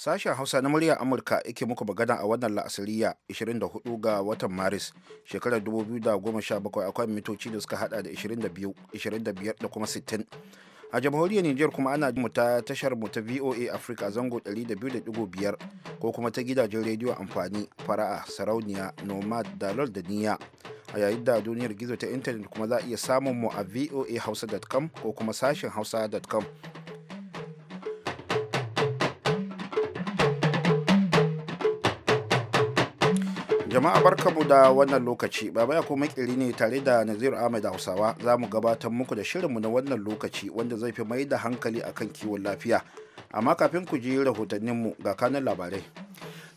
Sashen Hausa na murya Amurka yake muku magana a wannan la'asariya 24 ga watan Maris shekarar 2017 akwai mitoci da suka hada da 22, 25 da kuma 60. A jamhuriyar Nijar kuma ana mu ta tashar mu ta VOA Africa zango 200.5 ko kuma ta gidajen rediyo amfani fara'a sarauniya nomad da niya a yayin da duniyar gizo ta intanet kuma za a iya samun mu a voa hausa.com ko kuma sashen hausa.com jama'a barkamu da wannan lokaci baba ya kuma kiri ne tare da nazir ahmed hausawa za mu gabatar muku da shirinmu na wannan lokaci wanda zai fi mai da hankali akan kiwon lafiya amma kafin ku ji rahotanninmu ga kanan labarai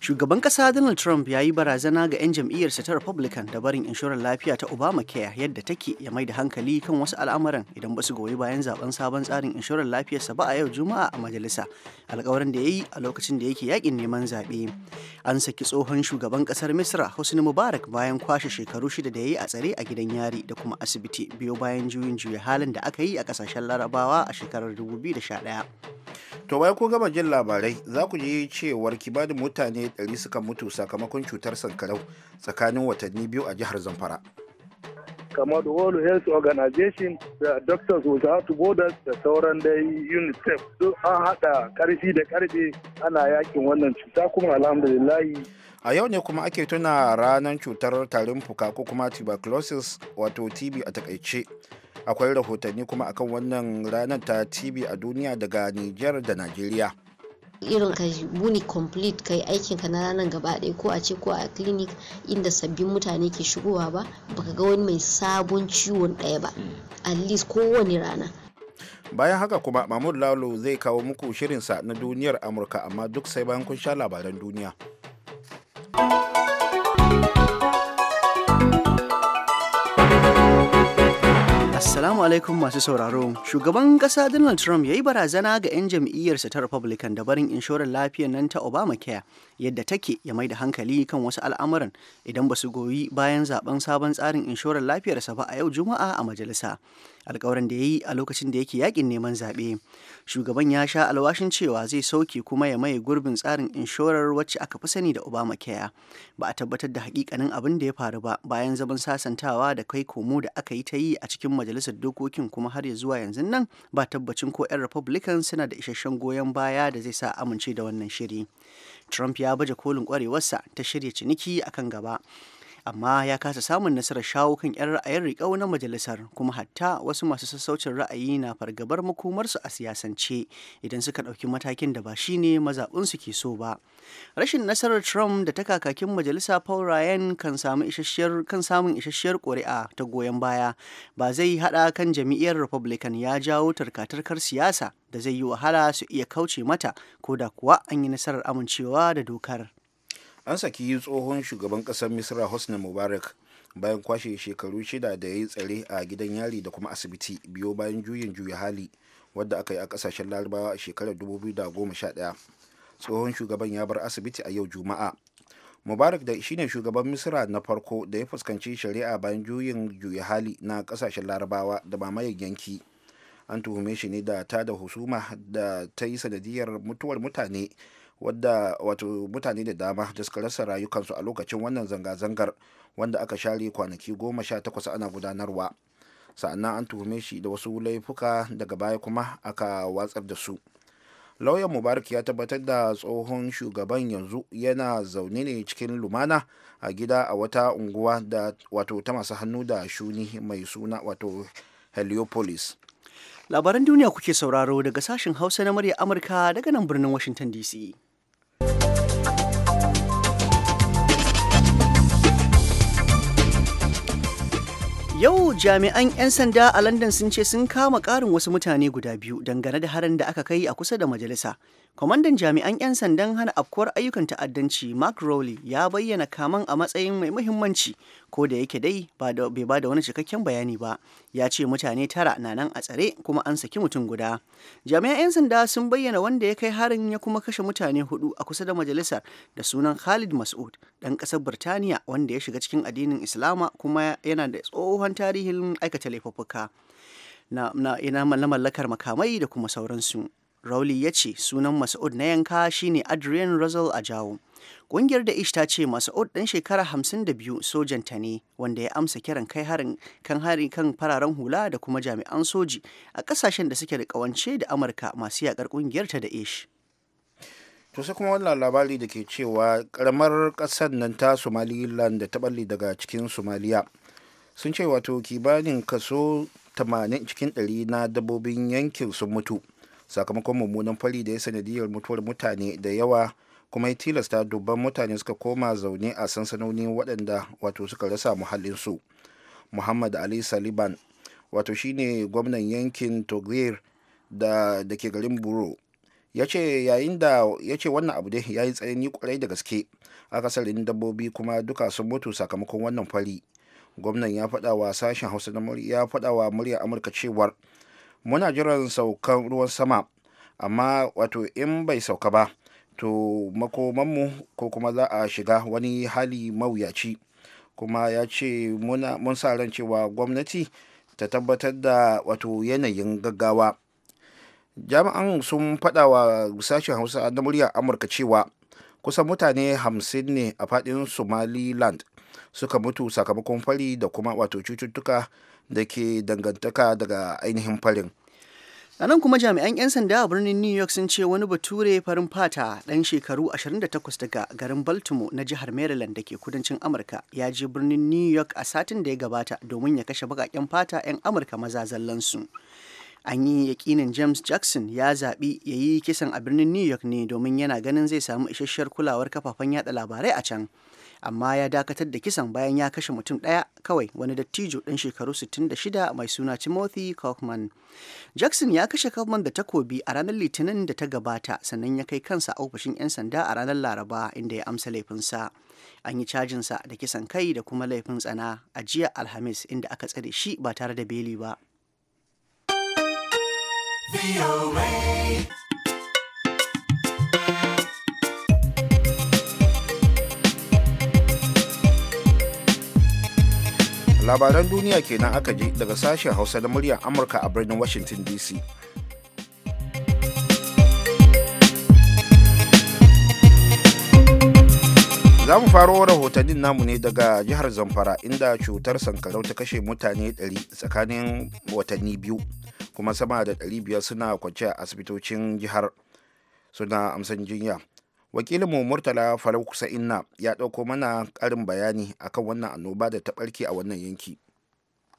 Shugaban kasa Donald Trump ya yi barazana ga 'yan jam'iyyarsa ta Republican da barin inshorar lafiya ta Obamacare yadda take ya mai da hankali kan wasu al'amuran idan ba su goyi bayan zaben sabon tsarin inshorar lafiyarsa ba a yau Juma'a a majalisa, alkawarin da ya yi a lokacin da yake yakin neman zaɓe. An saki tsohon shugaban kasar Misra Hosni Mubarak bayan kwashe shekaru shida da ya yi a tsare a gidan yari da kuma asibiti biyo bayan juyin juya halin da aka yi a kasashen Larabawa a shekarar 2011. To bayan kun gama jin labarai za ku ji cewar da mutane ɗari suka mutu sakamakon cutar sankarau tsakanin watanni biyu a jihar zamfara kamar World Health Organization da Doctors Without Borders da sauran dai UNICEF duk an haɗa ƙarfi da ƙarfe ana yakin wannan cuta kuma alhamdulillah. A yau ne kuma ake tuna ranar cutar tarin fuka ko kuma tuberculosis wato TB a takaice. Akwai rahotanni kuma akan wannan ranar ta TB a duniya daga niger da Najeriya. irin ka buni complete kai aikin ka na ranar gaba ɗaya ko a ce ko a clinic inda sabbin mutane ke shigowa ba baka ga wani mai sabon ciwon ɗaya ba mm. at least kowane rana bayan haka kuma mahmud lalo zai kawo muku shirinsa na duniyar amurka amma duk sai bayan kun sha labaran duniya Assalamu alaikum masu sauraro. Shugaban ƙasa Donald Trump ya yi barazana ga 'yan jam'iyyarsa ta Republican da barin inshorar lafiyar nan ta Obamacare yadda take ya mai da hankali kan wasu al'amuran idan ba su goyi bayan zaben sabon tsarin inshorar lafiyarsa ba a yau Juma'a a majalisa. alkawarin da ya yi a lokacin da yake yakin neman zaɓe shugaban ya sha alwashin cewa zai sauke kuma ya maye gurbin tsarin inshorar wacce aka fi sani da obamacare ba a tabbatar da hakikanin abin da ya faru ba bayan zaman sasantawa da kai komo da aka yi ta yi a cikin majalisar dokokin kuma har ya zuwa yanzu nan ba tabbacin ko 'yan republican suna da isasshen goyon baya da zai sa amince da wannan shiri trump ya baje kolin kwarewarsa ta shirya ciniki akan gaba amma ya kasa samun nasarar shawo kan 'yan ra'ayin riƙau na majalisar kuma hatta wasu masu sassaucin ra'ayi na fargabar makomarsu a siyasance idan suka ɗauki matakin da ba shi ne mazaɓinsu ke so ba rashin nasarar trump da ta kakakin majalisa paul ryan kan samun isasshiyar ƙuri'a ta goyon baya ba zai haɗa kan jam'iyyar republican ya jawo tarkatarkar siyasa da zai yi wahala su iya kauce mata ko da kuwa an yi nasarar amincewa da dokar an saki tsohon shugaban ƙasar misra hosni mubarak bayan kwashe shekaru shida da ya yi tsare a gidan yari da kuma asibiti biyo bayan juyin juya hali wadda aka yi a kasashen larabawa a shekarar 2011 tsohon shugaban ya bar asibiti a yau juma'a mubarak da shine shugaban misra na farko da ya fuskanci shari'a bayan juyin juya hali na kasashen larabawa da mamayen yanki an tuhume shi ne da ta da husuma da ta yi sanadiyar mutuwar mutane wadda wato mutane da dama da suka rasa rayukansu a lokacin wannan zanga-zangar wanda aka share kwanaki goma sha takwas ana gudanarwa sa'annan an tuhume shi da wasu laifuka daga baya kuma aka watsar da su lauyan mubarak ya tabbatar da tsohon shugaban yanzu yana zaune ne cikin lumana a gida a wata unguwa da wato ta masu hannu da shuni mai suna wato heliopolis labaran duniya kuke sauraro daga sashen hausa na murya amurka daga nan birnin washington dc Yau jami'an 'yan sanda a London sun ce sun kama ƙarin wasu mutane guda biyu dangane da harin da aka kai a kusa da majalisa Kwamandan jami'an 'yan sandan hana afkuwar ayyukan ta'addanci Mark Rowley ya bayyana kaman a matsayin mai muhimmanci ko da yake dai bai ba da wani cikakken bayani ba ya ce mutane tara na nan a tsare kuma an saki mutum guda jami'an 'yan sanda sun bayyana wanda ya kai harin ya kuma kashe mutane hudu a kusa da majalisar da sunan khalid mas'ud dan kasar birtaniya wanda ya shiga cikin addinin islama kuma yana da tsohon tarihin aikata laifuffuka na, na mallakar makamai da kuma sauransu Rowley ya ce sunan Mas'ud na yanka shine Adrian Russell jawo Ƙungiyar da ish ta ce Mas'ud ɗan shekara hamsin da 52 ta ne wanda ya amsa kiran kai harin kan hari kan fararen hula da kuma jami'an soji a ƙasashen da suke da ƙawance da Amurka masu yaƙar ƙungiyar ta da ish. to sai kuma wannan labari da ke cewa karamar ƙasar nan ta somaliland da ta balle daga cikin somaliya sun ce wato kibanin kaso 80 cikin 100 na dabbobin yankin sun mutu sakamakon mummunan fari da ya sanadiyar mutuwar mutane da yawa kuma ya tilasta dubban mutane suka koma zaune a sansanoni waɗanda wato suka rasa muhallinsu muhammad ali saliban wato shine gwamnan yankin togir da ke garin buro ya ce yayin da ya ce wannan abu dai ya yi tsanani kwarai da gaske akasarin dabbobi kuma duka sun mutu sakamakon wannan fari gwamnan ya faɗa wa sashen hausa ya faɗa wa murya amurka cewar muna jiran saukan ruwan sama amma wato in bai sauka ba to makomanmu ko kuma za a shiga wani hali mawuyaci kuma ya ce mun sa ran cewa gwamnati ta tabbatar da wato yanayin gaggawa jami'an sun faɗa wa sashen hausa na muryar amurka cewa kusan mutane hamsin ne a faɗin somaliland suka mutu sakamakon fari da kuma wato cututtuka da ke dangantaka daga ainihin farin a nan kuma jami'an 'yan sanda a birnin new york sun ce wani bature farin fata ɗan shekaru 28 daga garin baltimore na jihar maryland da ke kudancin amurka ya je birnin new york a satin da ya gabata domin ya kashe baƙaƙen fata 'yan amurka maza zallansu an yi yakinin james jackson ya zaɓi ya yi kisan a birnin new york ne domin yana ganin zai samu isasshiyar kulawar kafafen yada labarai a can amma ya dakatar da kisan bayan ya kashe mutum ɗaya kawai wani dattijo ɗan shekaru 66 mai suna Timothy Kaufman. Jackson ya kashe Kaufman da takobi a ranar Litinin da ta gabata sannan ya kai kansa a ofishin 'yan sanda a ranar Laraba inda ya amsa laifinsa. An yi cajinsa da kisan kai da kuma laifin tsana a jiya Alhamis inda aka tsare shi ba tare da beli ba. labaran duniya kenan aka je daga sashen hausa da muryar amurka a birnin washington dc za mu faro rahotannin namu ne daga jihar zamfara inda cutar sankarau ta kashe mutane 100 tsakanin watanni biyu kuma sama da 500 suna kwance a asibitocin jihar suna amsan jinya wakilinmu murtala faruk sa'inna ya ɗauko mana ƙarin bayani akan wannan annoba da ta ɓarke a wannan yanki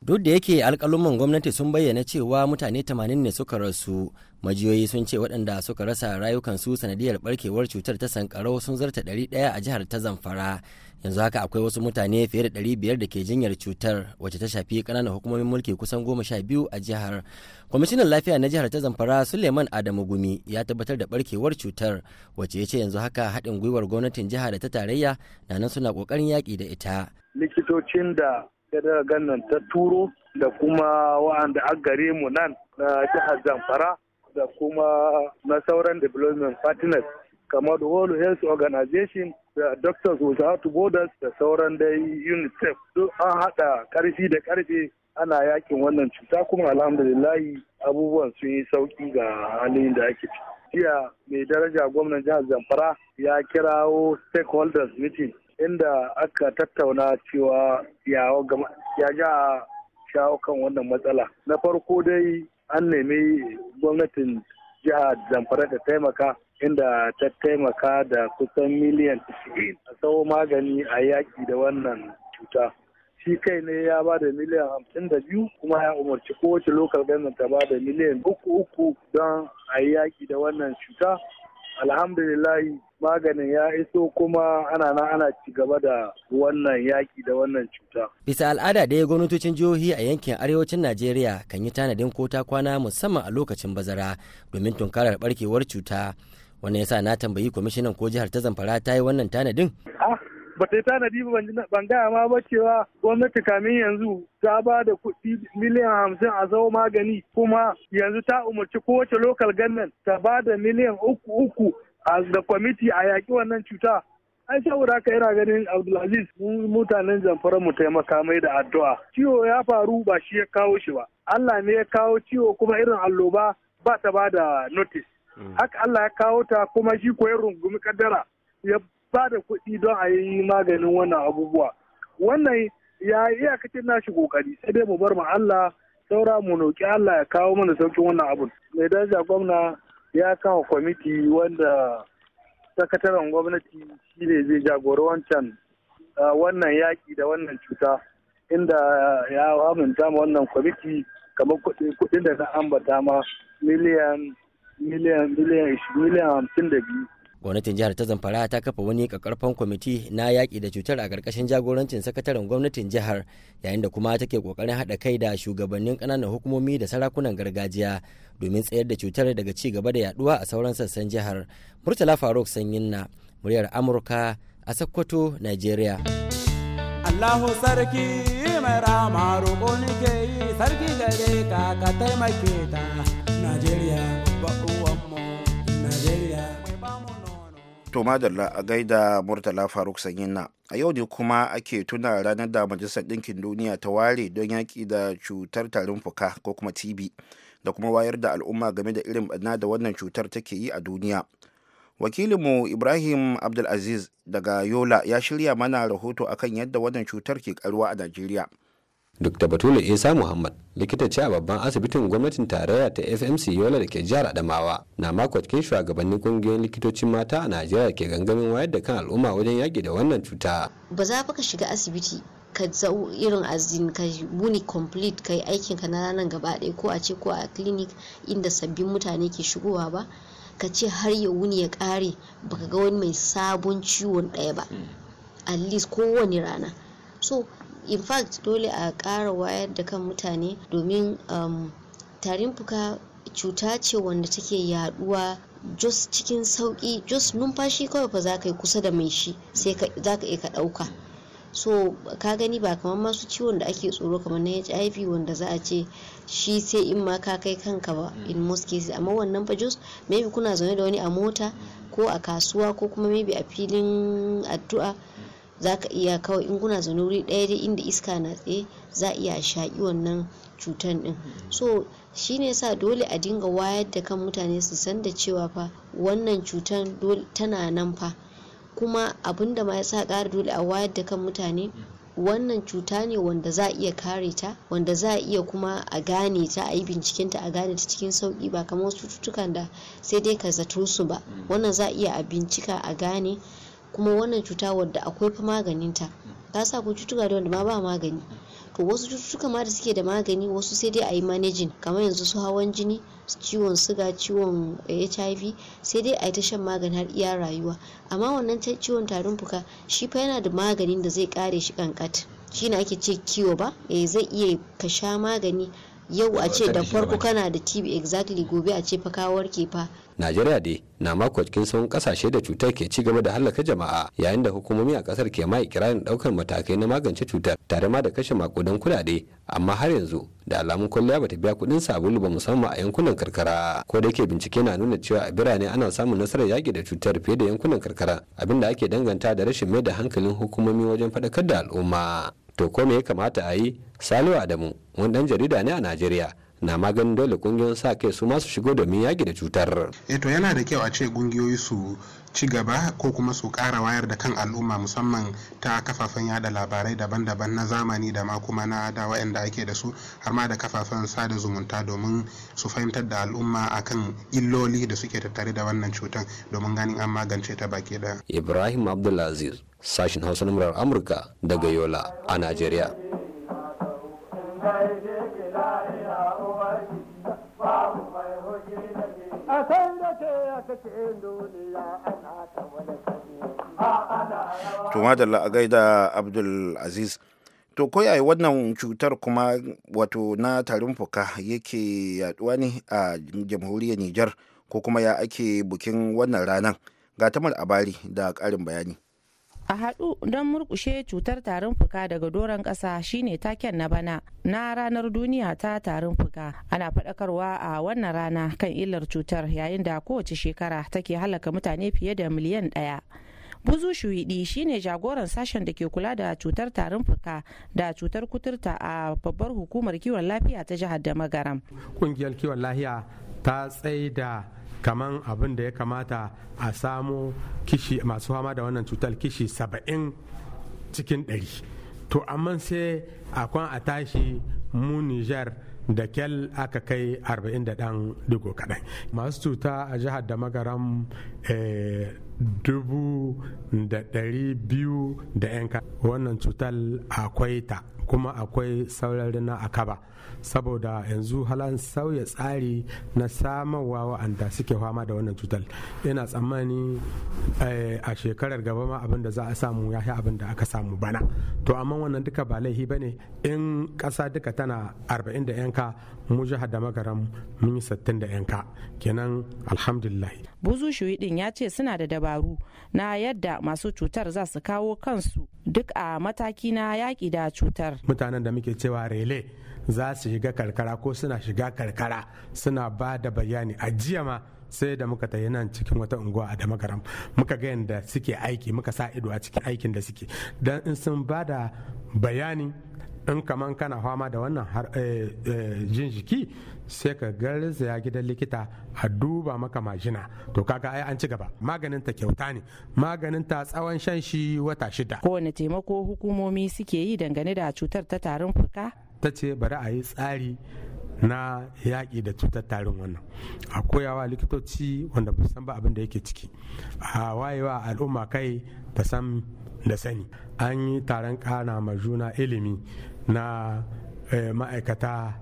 duk da yake alkaluman gwamnati sun bayyana cewa mutane 80 ne suka rasu majiyoyi sun ce waɗanda suka rasa rayukansu sanadiyar barkewar cutar ta sankarau sun zarta 100 a jihar ta zamfara yanzu haka akwai wasu mutane fiye da ɗari biyar da ke jinyar cutar wacce ta shafi ƙananan hukumomin mulki kusan goma sha biyu a jihar kwamishinan lafiya na jihar ta zamfara suleiman adamu gumi ya tabbatar da barkewar cutar wacce ya ce yanzu haka haɗin gwiwar gwamnatin jiha da ta tarayya na nan suna ƙoƙarin yaƙi da ita likitocin da daga gannan ta turo da kuma wa'anda a gare mu nan na jihar zamfara da kuma na sauran development partners kamar the world health organization da Doctors Without Borders da sauran dai UNICEF duk an haɗa ƙarfi da ƙarfe ana yakin wannan cuta kuma alhamdulillahi abubuwan sun yi sauƙi ga halin da ake ciki. Jiya mai daraja gwamnan jihar Zamfara ya kirawo stakeholders meeting inda aka tattauna cewa ya ja shawo kan wannan matsala. Na farko dai an nemi gwamnatin jihar Zamfara ta taimaka inda ta taimaka da kusan miliyan 90 a tsawo magani a yaƙi da wannan cuta. Shi kai ne ya ba da miliyan hamsin da kuma ya umarci kowace lokal ganin ta ba da miliyan uku uku don a yaƙi da wannan cuta. Alhamdulillahi maganin ya iso kuma ana nan ana ci gaba da wannan yaƙi da wannan cuta. Bisa al'ada da ya gwamnatocin jihohi a yankin arewacin Najeriya kan yi tanadin ko ta kwana musamman a lokacin bazara domin tunkarar barkewar cuta. wannan yasa na tambayi kwamishinan ko jihar ta zamfara ta yi wannan tanadin ba ta yi tanadi ba ban gaya ma ba cewa gwamnati kamin yanzu ta ba da kuɗi miliyan hamsin a zama magani kuma yanzu ta umarci kowace lokal gannan ta ba da miliyan uku uku da kwamiti a yaƙi wannan cuta ai saboda haka yana ganin abdulaziz mutanen zamfara mu taimaka mai da addu'a ciwo ya faru ba shi ya kawo shi ba allah ne ya kawo ciwo kuma irin alloba ba ta ba da notis. Mm. haka Allah ya kawo ta kuma shi koyar rungumi kaddara ya ba da kuɗi don a yi maganin wannan abubuwa wannan ya yi iyakacin nashi kokari sai dai mu bar mu Allah saura mu noki Allah ya kawo mana saukin wannan abun mai daraja gwamna ya kawo kwamiti wanda sakataren gwamnati shi ne zai jagori wancan wannan yaki da wannan cuta inda ya aminta ma wannan kwamiti kamar kuɗin da na ambata ma miliyan miliyan miliyan hamsin da biyu gwamnatin jihar ta zamfara ta kafa wani kakarfan kwamiti na yaƙi da cutar a ƙarƙashin jagorancin sakataren gwamnatin jihar yayin da kuma take ƙoƙarin haɗa kai da shugabannin ƙananan hukumomi da sarakunan gargajiya domin tsayar da cutar daga ci gaba da yaduwa a sauran sassan jihar murtala faruk sanyin na muryar amurka a Sokoto Najeriya. allahu sarki mai rama roƙo ke yi sarki gare ka ka taimake ta nigeria ba To madalla a gaida Murtala Faruk Sanyinna. A yau ne kuma ake tuna ranar da Majalisar Ɗinkin Duniya ta ware don yaƙi da cutar tarin fuka ko kuma TB da kuma wayar da al'umma game da irin ɓanna da wannan cutar take yi a duniya. Wakilinmu Ibrahim Abdulaziz daga Yola ya shirya mana rahoto akan yadda wannan cutar ke karuwa a Najeriya. dr batulu isa muhammad likita ce a babban asibitin gwamnatin tarayya ta fmc yola da ke jihar adamawa na makwakin shugabannin kungiyoyin likitocin mata a najeriya ke gangamin wayar da kan al'umma wajen yaƙi da wannan cuta ba za ka shiga asibiti ka zau irin azin ka wuni complete kai aikin ka na ranar gaba ɗaya ko a ce ko a clinic inda sabbin mutane ke shigowa ba ka ce har ya wuni ya ƙare baka ga wani mai sabon ciwon ɗaya ba mm. at least kowane rana so in fact dole a kara wayar da kan mutane domin um, tarin fuka cuta ce wanda take yaduwa jos cikin sauki jos numfashi kawai fa za ka yi kusa da mai shi sai za ka iya ka ɗauka so ka gani ba kamar masu ciwon da ake tsoro kamar na hiv wanda za a ce shi sai in ma ka kai kanka ba mm. in most cases amma wannan ba jos maybe kuna zaune da wani a mota ko a kasuwa ko kuma maybe a filin addu'a za ka iya kawai in kuna zaune wuri ɗaya dai inda iska na tsaye za a iya shaƙi wannan cutan din. so shi ne sa dole a dinga wayar da kan mutane su san da cewa fa wannan cutan tana nan fa kuma abin da ma ya sa ƙara dole a wayar da kan mutane wannan cuta ne wanda za a iya kare ta wanda za a iya kuma a gane ta a yi bincikenta a gane ta cikin sauki ba kamar wasu cututtukan da sai dai ka zato su ba mm. wannan za a iya a bincika a gane kuma wannan cuta wadda akwai fa maganinta ta sa ku cutuka da wanda ma ba magani to wasu cututtuka ma da suke da magani wasu sai dai a yi managing kamar yanzu su hawan jini ciwon suga ciwon hiv eh, sai dai a yi ta shan magani har iya rayuwa amma wannan ciwon tarin fuka shi fa yana da maganin da zai kare shi kankat shi ne ake ce kiwo ba eh, zai iya ka sha magani yau a ce da farko kana da tb exactly gobe a ce fa ka warke fa najeriya dai na mako cikin sauran kasashe da cutar ke ci gaba da hallaka jama'a yayin da hukumomi a kasar ke mai ikirarin daukar matakai na magance cutar tare ma da kashe makudan kudade amma har yanzu da alamun kwalliya bata biya kudin sabulu ba musamman a yankunan karkara ko da yake bincike na nuna cewa a birane ana samun nasarar yaki da cutar fiye da yankunan karkara abinda ake danganta da rashin mai da hankalin hukumomi wajen faɗakar da al'umma to ko me ya kamata a yi salo adamu wani dan jarida ne a najeriya na maganin dole kungiyoyin sa kai su masu shigo domin yaki da cutar. Eh to yana da kyau a ce kungiyoyi su ci gaba ko kuma su kara wayar da kan al'umma musamman ta kafafen yada labarai daban-daban na zamani da ma kuma na da wayanda ake da su har ma da kafafen sada zumunta domin su fahimtar da al'umma akan illoli da suke tattare da wannan cutar domin ganin an magance ta baki da Ibrahim Abdulaziz sashin Hausa na Amurka daga Yola a Najeriya. to madalla a gaida abdul aziz to ko yayi wannan cutar kuma wato na tarin fuka yake yaduwa ne a jamhuriyar niger ko kuma ya ake bukin wannan ranar ga tamar abari da karin bayani a haɗu don murkushe cutar tarin fuka daga doron ƙasa shine taken na bana na ranar duniya ta tarin fuka ana faɗakarwa a wannan rana kan illar cutar yayin da kowace shekara take halaka mutane fiye da miliyan ɗaya buzu shuhidi shine jagoran sashen da ke kula da cutar tarin fuka da cutar kuturta a babbar hukumar kiwon lafiya ta jihar da magaram kungiyar kiwon lafiya ta tsaida kaman abin da ya kamata a samu kishi masu fama da wannan cutar kishi saba'in cikin ɗari to amma sai kwan a tashi mu nijar da kyal aka kai arba'in da ɗan digo kaɗai masu cuta a jihar da magaram eh, dubu da ɗari biyu da yanka wannan cutar akwai ta kuma akwai saurari na kaba. saboda yanzu halan sauya tsari na samarwa wa'anda suke fama da wannan cutar ina tsammani eh, a shekarar gaba ma abin da za a samu ya abin da aka samu bana to amma wannan duka ba laifi ba ne in ƙasa duka tana arba'in da yanka mu jihar da magaram mun yi sattin da yanka kenan alhamdulillah buzu shuyi din ya ce suna da dabaru na yadda masu cutar za su kawo kansu duk a mataki na yaƙi da cutar mutanen da muke cewa rele za su shiga karkara ko suna shiga karkara suna ba da bayani a jiya ma sai da muka tayi nan cikin wata unguwa a damagaram muka ga yadda suke aiki muka sa ido a cikin aikin da suke don in sun ba da bayani in kaman kana fama da wannan eh, eh, jin jiki sai ka garzaya gidan likita a duba maka majina to kaga ai an ci gaba maganin ta kyauta ne maganin ta tsawon shan shi wata shida kowane taimako hukumomi suke yi dangane da cutar ta tarin fuka ta ce bari a yi tsari na yaƙi da cutar tarin wannan a koyawa likitoci wanda ba san ba abin da yake ciki a wayewa al'umma kai ta san da sani an yi taron kana ma juna ilimi na eh, ma'aikata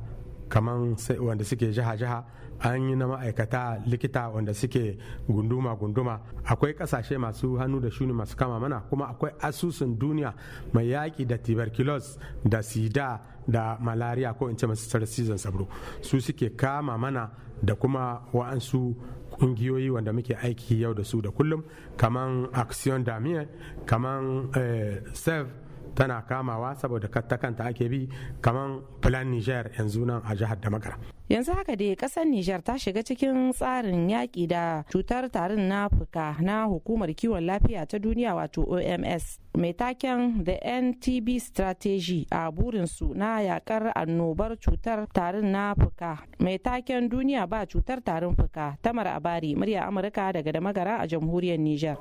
kamar wanda suke jiha-jiha an yi na ma'aikata likita wanda suke gunduma-gunduma akwai kasashe masu hannu da shuni masu kama mana kuma akwai asusun duniya mai yaƙi da tuberculosis da sida da malaria ko in ce masu tsara season sabro su suke kama mana da kuma wa'ansu ƙungiyoyi wanda muke aiki yau da su da kullum kaman action damien kaman eh, save tana kamawa saboda ta kanta ake bi kamar plan niger yanzu nan a jihar da makara yanzu haka dai kasar niger ta shiga cikin tsarin yaƙi da cutar tarin na fuka na hukumar kiwon lafiya ta duniya wato oms mai taken the ntb strategy a burinsu na yakar annobar cutar tarin na fuka mai taken duniya ba cutar tarin fuka tamar abari murya amurka daga da magara a jamhuriyar niger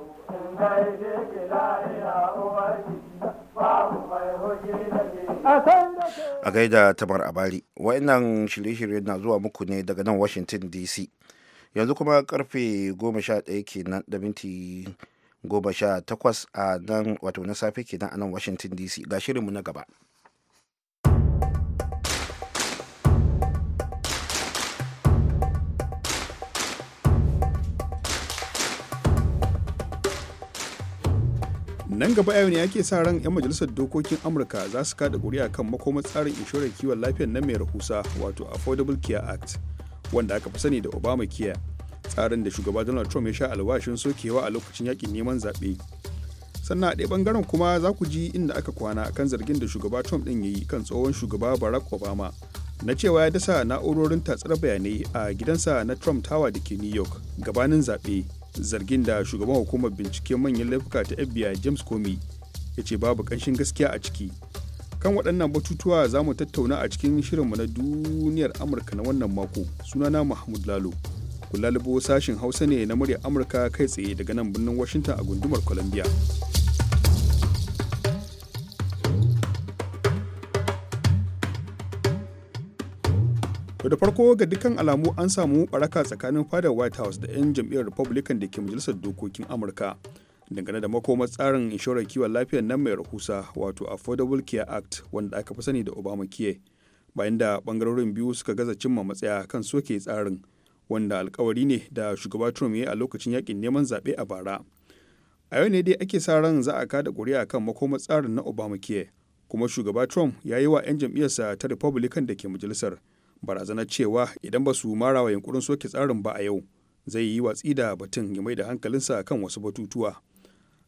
a gaida tamar abari wa'annan shirye-shirye na zuwa muku ne daga nan washington dc yanzu kuma karfe 11 kenan da minti goma sha takwas a nan wato na safe kenan a nan washington dc ga shirinmu na gaba nan gaba yau ne ake sa ran 'yan majalisar dokokin amurka za su kada kuri'a kan makomar tsarin inshorar kiwon lafiyar na mai rahusa wato affordable care act wanda aka fi sani da obama care tsarin da shugaba donald trump ya sha alwashin sokewa a lokacin yakin neman zaɓe sannan a ɗaya ɓangaren kuma za ku ji inda aka kwana kan zargin da shugaba trump ɗin ya yi kan tsohon shugaba barack obama na cewa ya dasa na'urorin tatsar bayanai a gidansa na trump tower da ke new york gabanin zaɓe zargin da shugaban hukumar binciken manyan laifuka ta fbi james comey ya ce babu kanshin gaskiya a ciki kan waɗannan batutuwa za mu tattauna a cikin shirinmu na duniyar amurka na wannan mako sunana mahmud lalo ku lalubo sashin hausa ne na muryar amurka kai tsaye daga nan birnin washington a gundumar columbia da farko ga dukkan alamu an samu baraka tsakanin fadar white house da 'yan jam'iyyar republican da ke majalisar dokokin amurka dangane da makomar tsarin inshorar kiwon lafiyar nan mai rahusa wato affordable care act wanda aka fi sani da obamacare bayan da bangarorin biyu suka gaza cimma matsaya kan soke tsarin wanda alkawari ne da shugaba trump ya yi a lokacin yakin neman zaɓe a bara a yau ne dai ake sa ran za a kada ƙuri'a kan makomar tsarin na obamacare kuma shugaba trump ya yi wa 'yan jam'iyyarsa ta republican da ke majalisar barazana cewa idan ba su mara wa yunkurin soke tsarin ba a yau zai yi watsi da batun ya mai da hankalinsa kan wasu batutuwa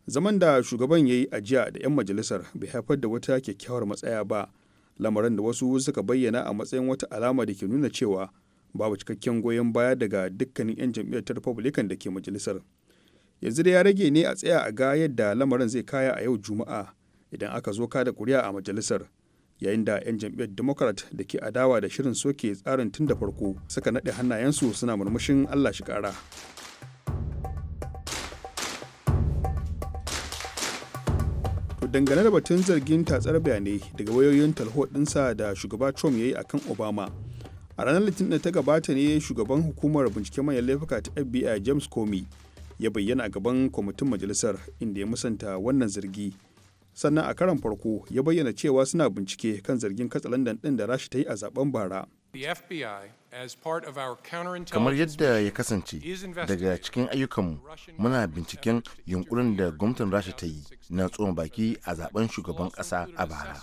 zaman da shugaban ya yi ajiya da 'yan majalisar bai haifar da wata kyakkyawar matsaya ba lamarin da wasu suka bayyana a matsayin wata alama da ke nuna cewa babu cikakken goyon baya daga dukkanin 'yan jam'iyyar ta republican da ke majalisar yanzu da ya rage ne a tsaya a ga yadda lamarin zai kaya a yau juma'a idan aka zo ka da kuri'a a majalisar yayin da 'yan jam'iyyar democrat da ke adawa da shirin soke tsarin tun da farko suka naɗe hannayensu suna murmushin allah shi ƙara dangane da batun zargin tatsar bayanai daga wayoyin talho ɗinsa da shugaba trump ya yi akan obama a ranar litinin da ta gabata ne shugaban hukumar bincike manyan laifuka ta fbi james comey ya bayyana a gaban kwamitin majalisar inda ya musanta wannan zargi sannan a karan farko ya bayyana cewa suna bincike kan zargin katsalandan din da rashi ta yi a zaben bara the fbi kamar yadda ya kasance daga cikin ayyukanmu muna binciken yunkurin da gwamnatin rasha ta yi na tsohon baki a zaben shugaban kasa a bara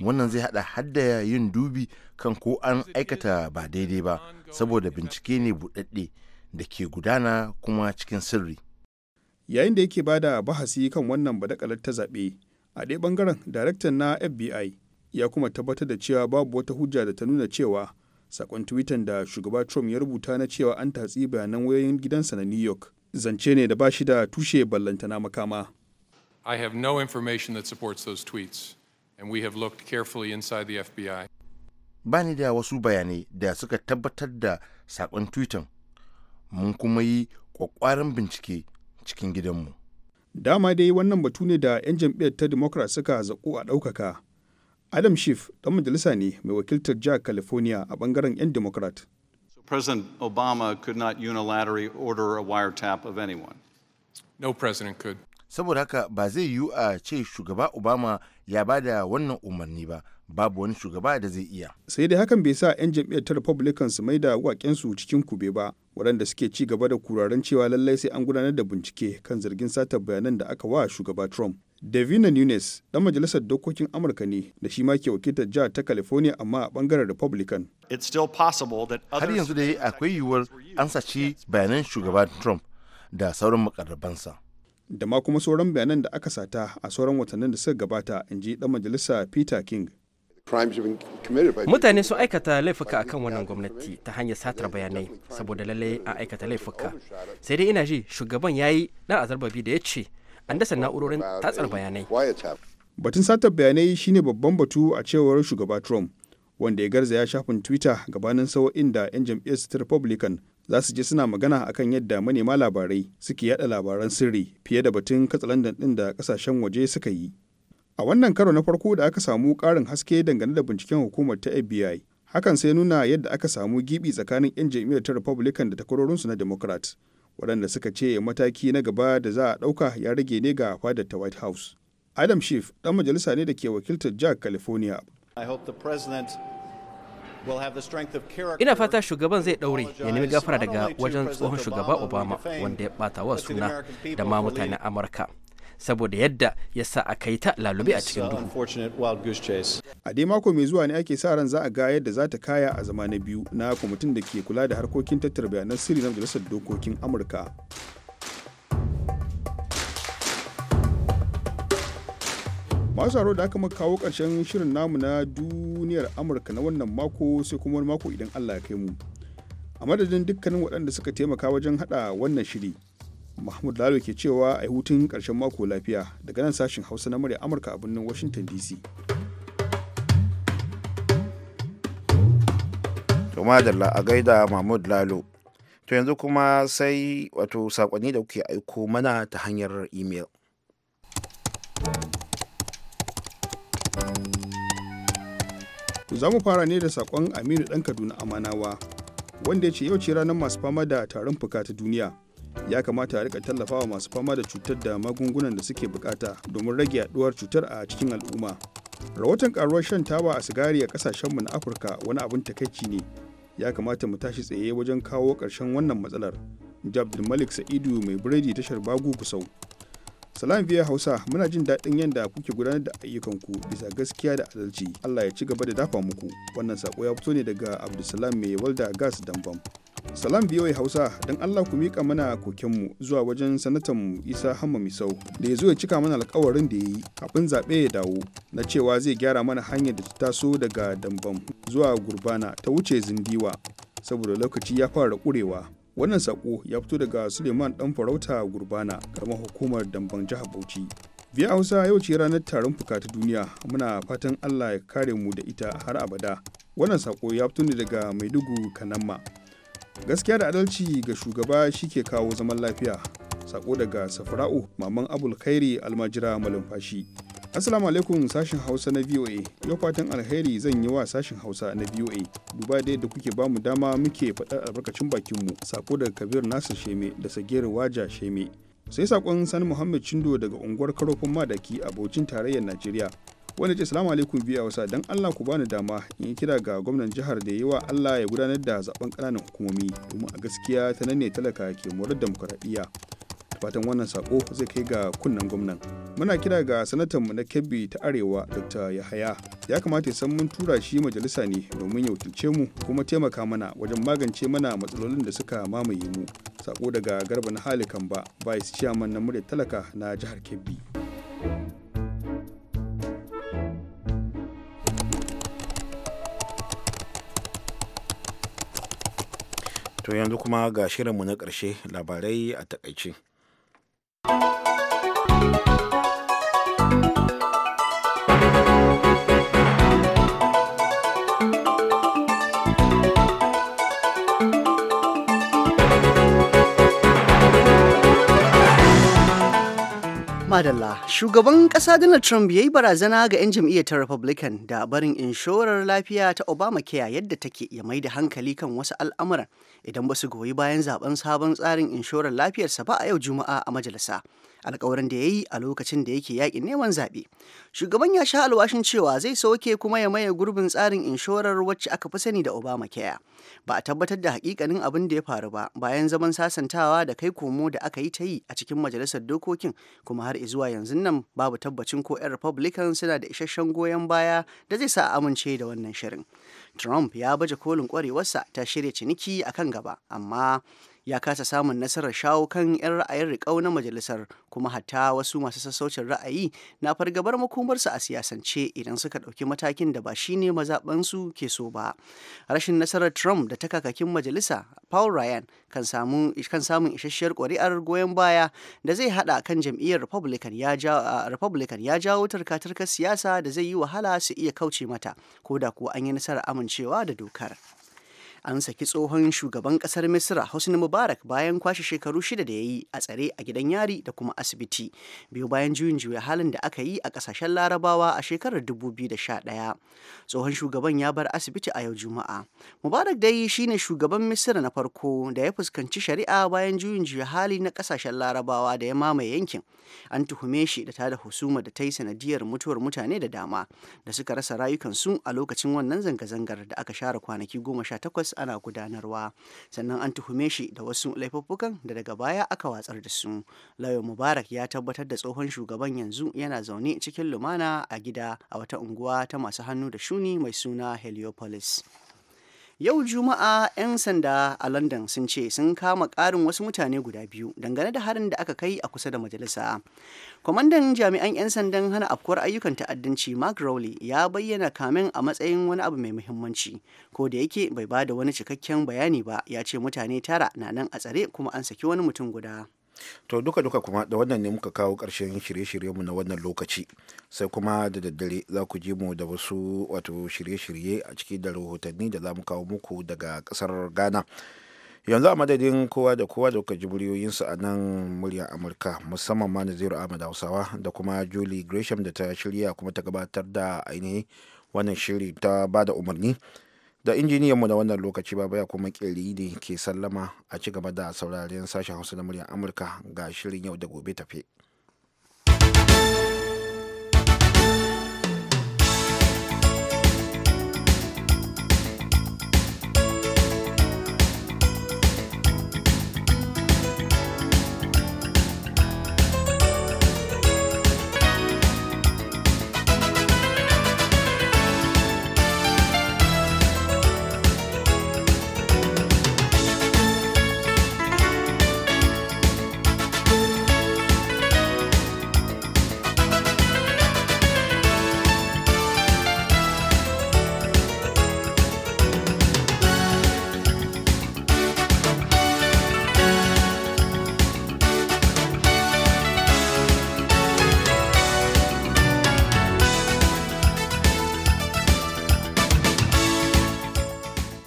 wannan zai hada hada yin dubi kan ko an aikata ba daidai ba saboda bincike ne buɗaɗɗe da ke gudana kuma cikin sirri yayin da yake da bahasi kan wannan badakalar ta zaɓe a ɗaya ɓangaren daraktan na fbi ya kuma tabbatar da cewa babu wata hujja da ta nuna cewa sakon twitter da shugaba trump ya rubuta na cewa an tatsi bayanan wayoyin gidansa na new york zance ne da ba shi da tushe ballantana makama i have no information that supports those tweets and we have looked carefully inside the fbi bani da wasu bayanai da suka tabbatar da sakon twitter mun kuma yi kwakwaran bincike cikin gidanmu dama dai wannan batu ne da 'yan jam'iyyar ta democrat suka zaƙo a ɗaukaka Adam Schiff dan majalisa ne mai wakiltar jihar California a bangaren 'yan Democrat. So President Obama could not unilaterally order a wiretap of anyone. No president could. Saboda haka ba zai yiwu a ce shugaba Obama ya ba da wannan umarni ba, babu wani shugaba da zai iya. Sai dai hakan bai sa 'yan jam'iyyar ta Republican mai da waƙensu cikin kube ba, waɗanda suke ci gaba da kuraren cewa lallai sai an gudanar da bincike kan zargin sata bayanan da aka wa shugaba Trump. Davina Nunes ɗan majalisar dokokin Amurka ne da shi ma ke wakiltar jihar ta California amma a bangaren Republican. Har yanzu dai akwai yiwuwar an saci bayanan shugaban Trump da sauran makarabansa. Da ma kuma sauran bayanan da aka sata a sauran watannin da suka gabata, in ji ɗan majalisa Peter King. Mutane sun aikata laifuka akan wannan gwamnati ta hanyar satar bayanai saboda lallai an aikata laifuka. Sai dai ina ji shugaban ya yi na azarbabi da ya ce an dasa na'urorin tatsar bayanai batun satar bayanai shine babban batu a cewar shugaba trump wanda ya garzaya shafin twitter gabanin sawa'in da 'yan jam'iyyar ta republican za su je suna magana akan yadda manema labarai suke yada labaran sirri fiye da batun katsalandan din da kasashen waje suka yi a wannan karo na farko da aka samu karin haske dangane da binciken hukumar ta fbi hakan sai nuna yadda aka samu gibi tsakanin 'yan jam'iyyar ta republican da takwarorinsu na democrat waɗanda suka ce mataki na gaba da za a ɗauka ya rage ne ga fadar ta white house adam schiff ɗan majalisa ne da ke wakiltar jack california Ina fata shugaban zai ɗaure ya nemi gafara daga wajen tsohon shugaba Obama wanda ya ɓata wa suna da ma mutanen Amurka. saboda yadda ya sa a kai ta lalube a cikin duhu. A dai mako mai zuwa ne ake sa ran za a ga yadda za ta kaya a zama na biyu na kwamitin da ke kula da harkokin tattara bayanan sirri na majalisar dokokin Amurka. masu haro da aka muka kawo ƙarshen shirin namu na duniyar amurka na wannan mako sai kuma wani mako idan allah ya kai mu a madadin dukkanin waɗanda suka taimaka wajen haɗa wannan shiri mahmud lalo ke cewa a hutun karshen mako lafiya daga nan sashin hausa na murya amurka a birnin washington dc to a gaida mahmud lalo to yanzu kuma sai wato sakonni da kuke aiko mana ta hanyar email za mu fara ne da sakon aminu dan kaduna amanawa wanda ya ce yau ce ranar masu fama da tarin fuka ta duniya ya kamata a rika tallafawa masu fama da cutar da magungunan da suke bukata domin rage yaduwar cutar a cikin al'umma rahoton karuwar shan taba a sigari a kasashenmu na afirka wani abin takaici ne ya kamata mu tashi tsaye wajen kawo ƙarshen wannan matsalar jabdul malik sa'idu mai biredi tashar bagu kusau salam biya hausa muna jin daɗin yadda kuke gudanar da ayyukanku bisa gaskiya da adalci allah ya ci gaba da dafa muku wannan sako ya fito ne daga abdulsalam mai walda gas dambam Salam biyoyi Hausa don Allah ku miƙa mana kokenmu zuwa wajen sanatanmu Isa Hamma Misau da ya zo ya cika mana alkawarin da ya yi kafin zaɓe ya dawo na cewa zai gyara mana hanyar da ta taso daga Dambam zuwa Gurbana ta wuce Zindiwa saboda lokaci ya fara ƙurewa. Wannan sako ya fito daga Suleiman ɗan farauta Gurbana karamar hukumar Dambam jihar Bauchi. Biya Hausa yau ce ranar taron fuka ta duniya muna fatan Allah ya kare mu da ita har abada. Wannan sako ya fito ne daga Maiduguri Kanamma. gaskiya da adalci ga shugaba shi ke kawo zaman lafiya sako daga safara'u maman abul khairi almajira malumfashi assalamu alaikum Sashen hausa na voa yau fatan alheri zan yi wa Sashen hausa na voa duba da yadda kuke bamu dama muke faɗar albarkacin bakinmu sako daga kabir nasir sheme da sagere waja sheme sai sakon sani muhammad chindo daga unguwar karofin madaki abocin tarayyar najeriya wanda ce salamu alaikum biya wasa don allah ku bani dama in yi kira ga gwamnan jihar da yi wa allah ya gudanar da zaben kananan hukumomi domin a gaskiya ta nan ne talaka ke morar demokuraɗiyya fatan wannan sako zai kai ga kunnan gwamnan muna kira ga mu na kebbi ta arewa dr yahaya ya kamata ya san mun tura shi majalisa ne domin ya wakilce mu kuma taimaka mana wajen magance mana matsalolin da suka mamaye mu sako daga garba na halikan ba vice chairman na murya talaka na jihar kebbi to yanzu kuma ga shirinmu na ƙarshe labarai a takaice. madalla shugaban ƙasa donald trump ya yi barazana ga 'yan jam'iyyar ta republican da barin inshorar lafiya ta obamacare yadda take ya mai da hankali kan wasu al'amuran idan ba su goyi bayan zaben sabon tsarin inshorar lafiyarsa ba a yau juma'a a majalisa alkawarin da ya yi a lokacin da yake yakin neman zaɓe shugaban ya sha alwashin cewa zai sauke kuma ya maye gurbin tsarin inshorar wacce aka fi sani da obamacare ba a tabbatar da hakikanin abin da ya faru ba bayan zaman sasantawa da kai komo da aka yi ta yi a cikin majalisar dokokin kuma har zuwa yanzu nan babu tabbacin ko 'yan republican suna da isasshen goyon baya da zai sa amince da wannan shirin trump ya baje kolin kwarewarsa ta shirya ciniki a kan gaba amma ya kasa samun nasarar shawo kan 'yan ra'ayin riƙau na majalisar kuma hatta wasu masu sassaucin ra'ayi na fargabar makomarsu a siyasance idan suka ɗauki matakin da ba shi ne mazaɓansu ke so ba rashin nasarar trump da takakakin majalisa paul ryan kan samun isasshiyar ƙuri'ar goyon baya da zai haɗa kan jam'iyyar republican ya jawo tarkatarkar siyasa da zai yi wahala su iya kauce mata ko da kuwa an yi nasarar amincewa da dokar. an saki tsohon shugaban kasar misra hosni mubarak bayan kwashe shekaru shida da ya yi a tsare a gidan yari da kuma asibiti biyu bayan juyin juya halin da aka yi a kasashen larabawa a shekarar dubu biyu da sha 2011 tsohon shugaban ya bar asibiti a yau juma'a mubarak dai shine shugaban misra na farko da ya fuskanci shari'a bayan juyin juya hali na kasashen larabawa da ya mamaye yankin an tuhume shi da tada husuma da ta yi sanadiyar mutuwar mutane da dama da suka rasa rayukansu a lokacin wannan zanga-zangar da aka share kwanaki goma sha takwas ana gudanarwa. Sannan an tuhume shi da wasu laifuffukan da daga baya aka watsar da su. Layo Mubarak ya tabbatar da tsohon shugaban yanzu yana zaune cikin lumana a gida a wata unguwa ta masu hannu da shuni mai suna Heliopolis. yau juma'a 'yan sanda a london sun ce sun kama ƙarin wasu mutane guda biyu dangane da harin da aka kai a kusa da majalisa kwamandan jami'an 'yan sandan hana afkuwar ayyukan ta'addanci mark rowley ya bayyana kamen a matsayin wani abu mai muhimmanci ko da yake bai ba da wani cikakken bayani ba ya ce mutane tara na nan a tsare kuma an saki wani mutum guda to duka duka kuma da wannan ne muka kawo ƙarshen shirye-shiryenmu na wannan lokaci sai kuma da daddare za ku ji mu da wasu wato shirye-shirye a ciki da rahotanni da za mu kawo muku daga ƙasar ghana yanzu a madadin kowa da kowa da kuka ji muryoyinsu a nan muryar amurka musamman ma naziru ahmad hausawa da kuma julie gresham da ta shirya kuma ta gabatar da ainihin wannan shiri ta ba da umarni da injiniyan mu da wannan lokaci ba baya kuma kiri ne ke sallama a ci gaba da sauraren sashen hausa na muryar amurka ga shirin yau da gobe tafe.